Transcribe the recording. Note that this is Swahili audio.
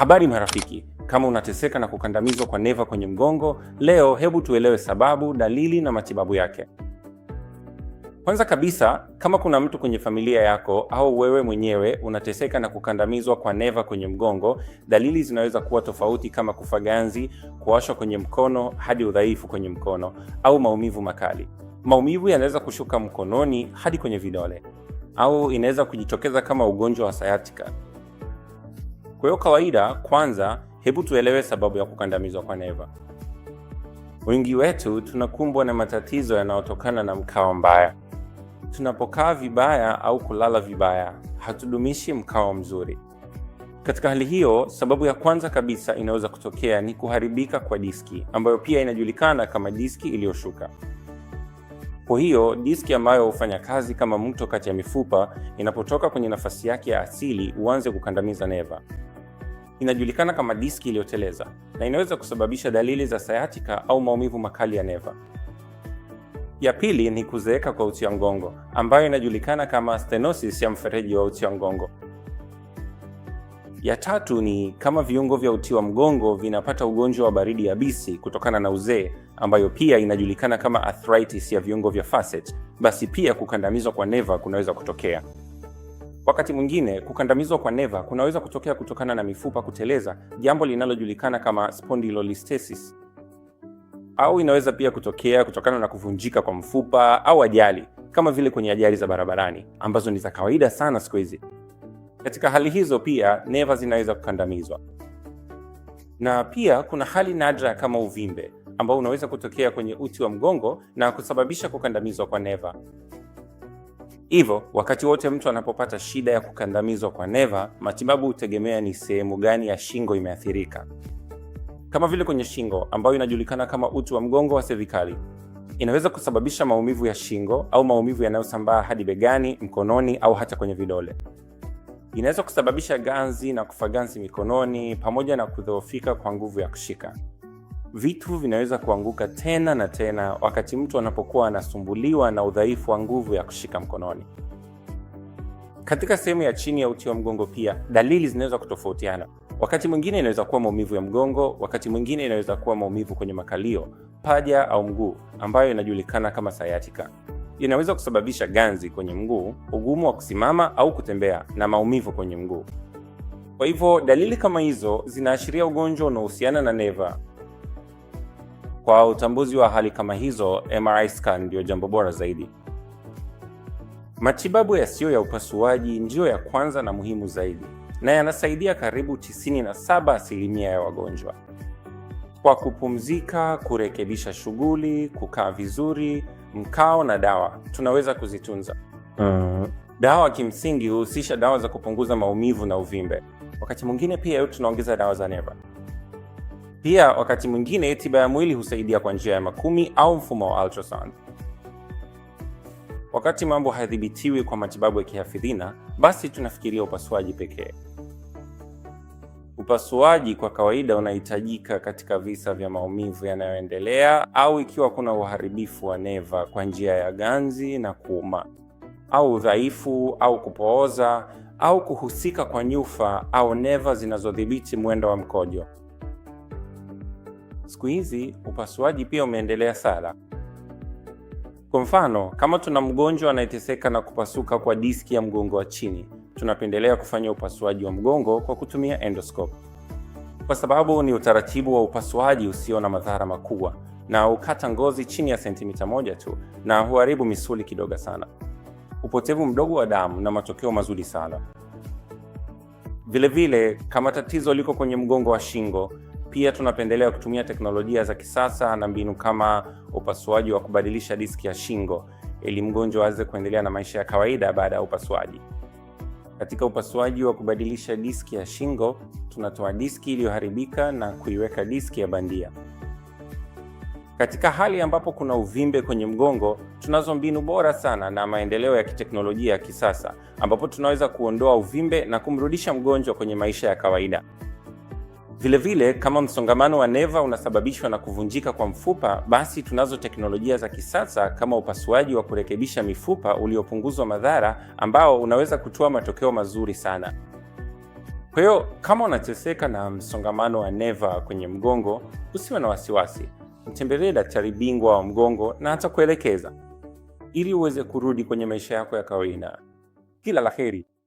Habari marafiki, kama unateseka na kukandamizwa kwa neva kwenye mgongo, leo hebu tuelewe sababu, dalili na matibabu yake. Kwanza kabisa, kama kuna mtu kwenye familia yako au wewe mwenyewe unateseka na kukandamizwa kwa neva kwenye mgongo, dalili zinaweza kuwa tofauti kama kufa ganzi, kuwashwa kwenye mkono hadi udhaifu kwenye mkono au maumivu makali. Maumivu yanaweza kushuka mkononi hadi kwenye vidole au inaweza kujitokeza kama ugonjwa wa sciatica. Kwa hiyo kawaida, kwanza, hebu tuelewe sababu ya kukandamizwa kwa neva. Wengi wetu tunakumbwa na matatizo yanayotokana na mkao mbaya. Tunapokaa vibaya au kulala vibaya, hatudumishi mkao mzuri. Katika hali hiyo, sababu ya kwanza kabisa inaweza kutokea ni kuharibika kwa diski ambayo pia inajulikana kama diski iliyoshuka. Kwa hiyo diski ambayo hufanya kazi kama mto kati ya mifupa inapotoka kwenye nafasi yake ya asili, huanze kukandamiza neva inajulikana kama diski iliyoteleza na inaweza kusababisha dalili za sayatika au maumivu makali ya neva. Ya pili ni kuzeeka kwa uti wa mgongo ambayo inajulikana kama stenosis ya mfereji wa uti wa mgongo. Ya tatu ni kama viungo vya uti wa mgongo vinapata ugonjwa wa baridi yabisi kutokana na uzee, ambayo pia inajulikana kama arthritis ya viungo vya facet, basi pia kukandamizwa kwa neva kunaweza kutokea. Wakati mwingine kukandamizwa kwa neva kunaweza kutokea kutokana na mifupa kuteleza, jambo linalojulikana kama spondylolisthesis, au inaweza pia kutokea kutokana na kuvunjika kwa mfupa au ajali, kama vile kwenye ajali za barabarani ambazo ni za kawaida sana siku hizi. Katika hali hizo pia neva zinaweza kukandamizwa, na pia kuna hali nadra kama uvimbe ambao unaweza kutokea kwenye uti wa mgongo na kusababisha kukandamizwa kwa neva. Hivyo, wakati wote mtu anapopata shida ya kukandamizwa kwa neva, matibabu hutegemea ni sehemu gani ya shingo imeathirika. Kama vile kwenye shingo ambayo inajulikana kama uti wa mgongo wa sevikali, inaweza kusababisha maumivu ya shingo au maumivu yanayosambaa hadi begani, mkononi au hata kwenye vidole. Inaweza kusababisha ganzi na kufaganzi mikononi pamoja na kudhoofika kwa nguvu ya kushika vitu vinaweza kuanguka tena na tena wakati mtu anapokuwa anasumbuliwa na udhaifu wa nguvu ya kushika mkononi. Katika sehemu ya chini ya uti wa mgongo pia dalili zinaweza kutofautiana. Wakati mwingine inaweza kuwa maumivu ya mgongo, wakati mwingine inaweza kuwa maumivu kwenye makalio, paja au mguu, ambayo inajulikana kama sayatika. Inaweza kusababisha ganzi kwenye mguu, ugumu wa kusimama au kutembea, na maumivu kwenye mguu. Kwa hivyo dalili kama hizo zinaashiria ugonjwa unaohusiana na neva kwa utambuzi wa hali kama hizo, MRI scan ndiyo jambo bora zaidi. Matibabu yasiyo ya upasuaji ndiyo ya kwanza na muhimu zaidi na yanasaidia karibu 97 asilimia ya wagonjwa. Kwa kupumzika, kurekebisha shughuli, kukaa vizuri, mkao na dawa, tunaweza kuzitunza. Ah. Dawa kimsingi huhusisha dawa za kupunguza maumivu na uvimbe. Wakati mwingine pia tunaongeza dawa za neva. Pia wakati mwingine tiba ya mwili husaidia kwa njia ya makumi au mfumo wa ultrasound. Wakati mambo hayadhibitiwi kwa matibabu ya kihafidhina, basi tunafikiria upasuaji pekee. Upasuaji kwa kawaida unahitajika katika visa vya maumivu yanayoendelea au ikiwa kuna uharibifu wa neva kwa njia ya ganzi na kuuma au udhaifu au kupooza au kuhusika kwa nyufa au neva zinazodhibiti mwendo wa mkojo siku hizi upasuaji pia umeendelea sana. Kwa mfano, kama tuna mgonjwa anayeteseka na kupasuka kwa diski ya mgongo wa chini, tunapendelea kufanya upasuaji wa mgongo kwa kutumia endoscope, kwa sababu ni utaratibu wa upasuaji usio na madhara makubwa na hukata ngozi chini ya sentimita moja tu na huharibu misuli kidogo sana, upotevu mdogo wa damu na matokeo mazuri sana. Vilevile, kama tatizo liko kwenye mgongo wa shingo pia tunapendelea kutumia teknolojia za kisasa na mbinu kama upasuaji wa kubadilisha diski ya shingo ili mgonjwa aweze kuendelea na maisha ya kawaida baada ya upasuaji. Katika upasuaji wa kubadilisha diski ya shingo, tunatoa diski iliyoharibika na kuiweka diski ya bandia. Katika hali ambapo kuna uvimbe kwenye mgongo, tunazo mbinu bora sana na maendeleo ya kiteknolojia ya kisasa ambapo tunaweza kuondoa uvimbe na kumrudisha mgonjwa kwenye maisha ya kawaida. Vilevile, kama msongamano wa neva unasababishwa na kuvunjika kwa mfupa, basi tunazo teknolojia za kisasa kama upasuaji wa kurekebisha mifupa uliopunguzwa madhara, ambao unaweza kutoa matokeo mazuri sana. Kwa hiyo kama unateseka na msongamano wa neva kwenye mgongo, usiwe na wasiwasi, mtembelee daktari bingwa wa mgongo na atakuelekeza ili uweze kurudi kwenye maisha yako ya kawaida. Kila la heri.